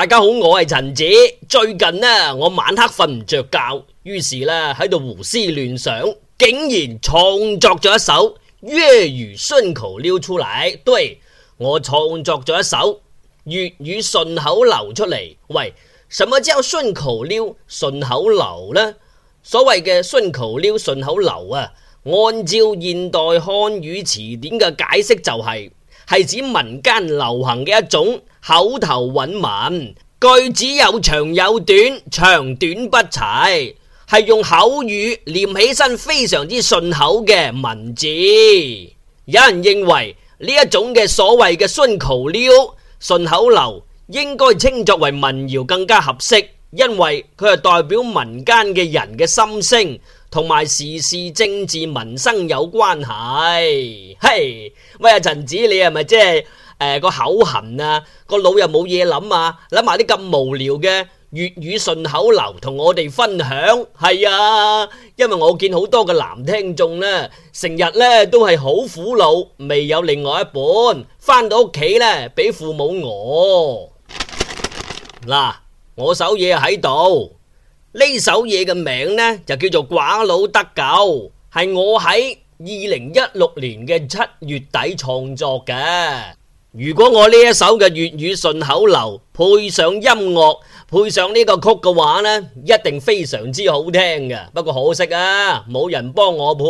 大家好，我係陳子。最近呢，我晚黑瞓唔着覺，於是呢喺度胡思亂想，竟然創作咗一首粵語順口溜出嚟。對，我創作咗一首粵語順口流出嚟。喂，什麼叫順口溜、順口流呢？所謂嘅順口溜、順口流啊，按照現代漢語詞典嘅解釋，就是，就係係指民間流行嘅一種。口頭韻文句子有長有短，長短不齊，係用口語念起身非常之順口嘅文字。有人認為呢一種嘅所謂嘅順口溜、順口溜，應該稱作為民謠更加合適，因為佢係代表民間嘅人嘅心聲，同埋時事、政治、民生有關係。嘿、hey，喂，阿陳子，你係咪即係？誒，個口痕啊，個腦又冇嘢諗啊，諗埋啲咁無聊嘅粵語順口溜同我哋分享係啊？因為我見好多嘅男聽眾咧，成日咧都係好苦惱，未有另外一半返到屋企咧，俾父母餓嗱。我首嘢喺度呢，首嘢嘅名咧就叫做寡佬得救，係我喺二零一六年嘅七月底創作嘅。如果我呢一首嘅粵語順口溜配上音樂，配上呢個曲嘅話呢，一定非常之好聽嘅。不過可惜啊，冇人幫我配，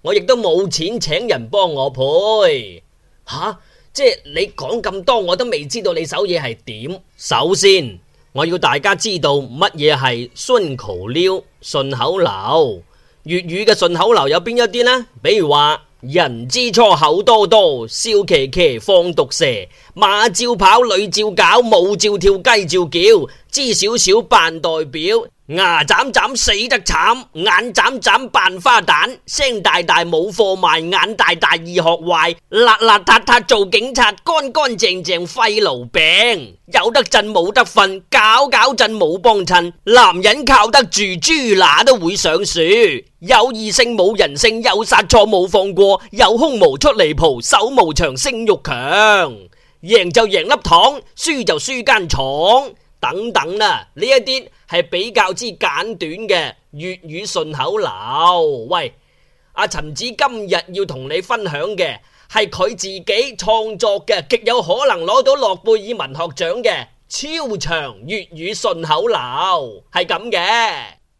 我亦都冇錢請人幫我配。吓，即係你講咁多，我都未知道你首嘢係點。首先，我要大家知道乜嘢係順口溜，順口溜，粵語嘅順口溜有邊一啲呢？比如話。人之初口多多，笑騎騎放毒蛇，馬照跑，女照搞，舞照跳，雞照叫，知少少扮代表。牙斬斬死得慘，眼斬斬扮花旦，聲大大冇貨賣，眼大大易學壞，邋邋遢遢做警察，乾乾淨淨廢癆病，有得震冇得瞓，搞搞震冇幫襯，男人靠得住，豬乸都會上樹，有異性冇人性，有殺錯冇放過，有胸無出離譜，手無長聲欲強，贏就贏粒糖，輸就輸間廠，等等啦、啊，呢一啲。係比較之簡短嘅粵語順口溜。喂，阿、啊、陳子今日要同你分享嘅係佢自己創作嘅，極有可能攞到諾貝爾文學獎嘅超長粵語順口溜，係咁嘅。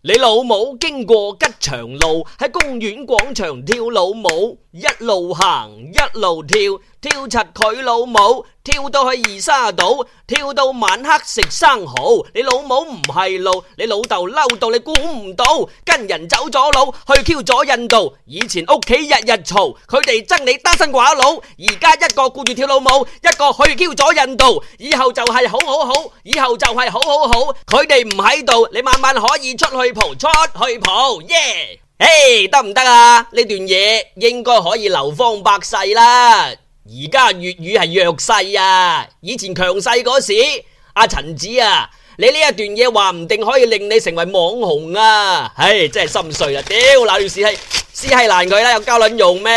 你老母經過吉祥路，喺公園廣場跳老母，一路行一路跳。跳柒佢老母，跳到去二沙島，跳到晚黑食生蠔。你老母唔係路，你老豆嬲到你估唔到，跟人走咗佬去 Q 咗印度。以前屋企日日嘈，佢哋憎你單身寡佬，而家一個顧住跳老母，一個去 Q 咗印度。以後就係好好好，以後就係好好好。佢哋唔喺度，你慢慢可以出去蒲，出去蒲耶。嘿，得唔得啊？呢段嘢應該可以流芳百世啦。而家粵語係弱勢啊！以前強勢嗰時，阿、啊、陳子啊，你呢一段嘢話唔定可以令你成為網紅啊！唉、哎，真係心碎啦！屌，嗱段屎氣，撕係爛佢啦，有膠卵用咩？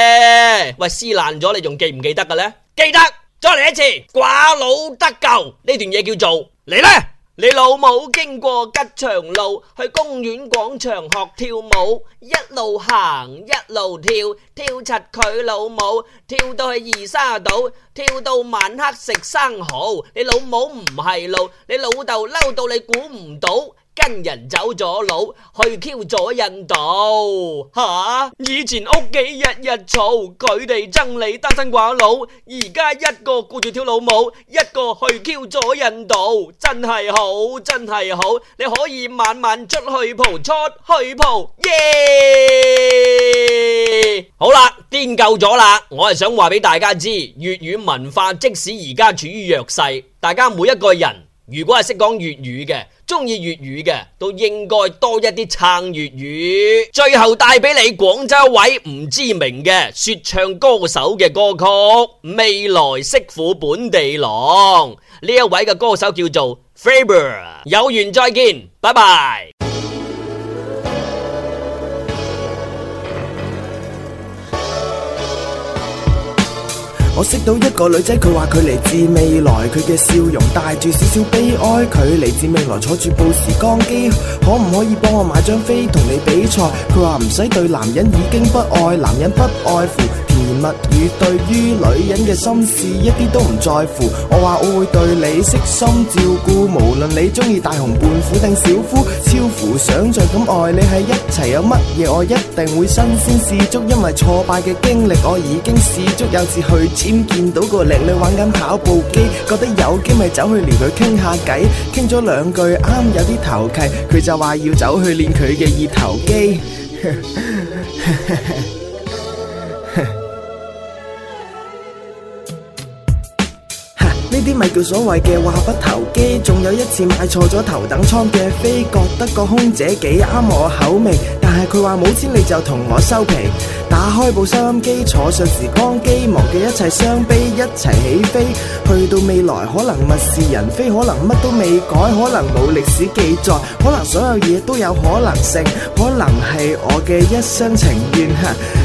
喂，撕爛咗你仲記唔記得嘅咧？記得，再嚟一次，寡佬得救。呢段嘢叫做嚟咧。你老母經過吉祥路，去公園廣場學跳舞，一路行一路跳，跳柒佢老母，跳到去二沙島，跳到晚黑食生蠔。你老母唔係路，你老豆嬲到你估唔到。跟人走咗佬去 Q 咗印度吓，以前屋企日日嘈，佢哋憎你單身寡佬，而家一個顧住跳老母，一個去 Q 咗印度，真係好，真係好，你可以晚晚出去蒲，出去蒲，耶、yeah!！好啦，癲夠咗啦，我係想話俾大家知，粵語文化即使而家處於弱勢，大家每一個人。如果係識講粵語嘅，中意粵語嘅，都應該多一啲撐粵語。最後帶俾你廣州位唔知名嘅說唱歌手嘅歌曲《未來媳婦本地郎》。呢位嘅歌手叫做 Faber，有緣再見，拜拜。我識到一個女仔，佢話佢嚟自未來，佢嘅笑容帶住少少悲哀。佢嚟自未來，坐住部時光機，可唔可以幫我買張飛同你比賽？佢話唔使對男人已經不愛，男人不愛乎。甜言蜜語對於女人嘅心事一啲都唔在乎，我話我會對你悉心照顧，無論你中意大雄胖虎定小夫，超乎想象咁愛你喺一齊有乜嘢，我一定會身先士卒，因為挫敗嘅經歷我已經試足。有次去簽見到個靚女玩緊跑步機，覺得有機咪走去撩佢傾下偈，傾咗兩句啱有啲投契，佢就話要走去練佢嘅二頭肌。 啲咪叫所謂嘅話不投機，仲有一次買錯咗頭等艙嘅飛，覺得個空姐幾啱我口味，但係佢話冇錢你就同我收皮。打開部收音機，坐上時光機，忘記一切傷悲，一齊起，起飛。去到未來，可能物是人非，可能乜都未改，可能冇歷史記載，可能所有嘢都有可能性，可能係我嘅一廂情願。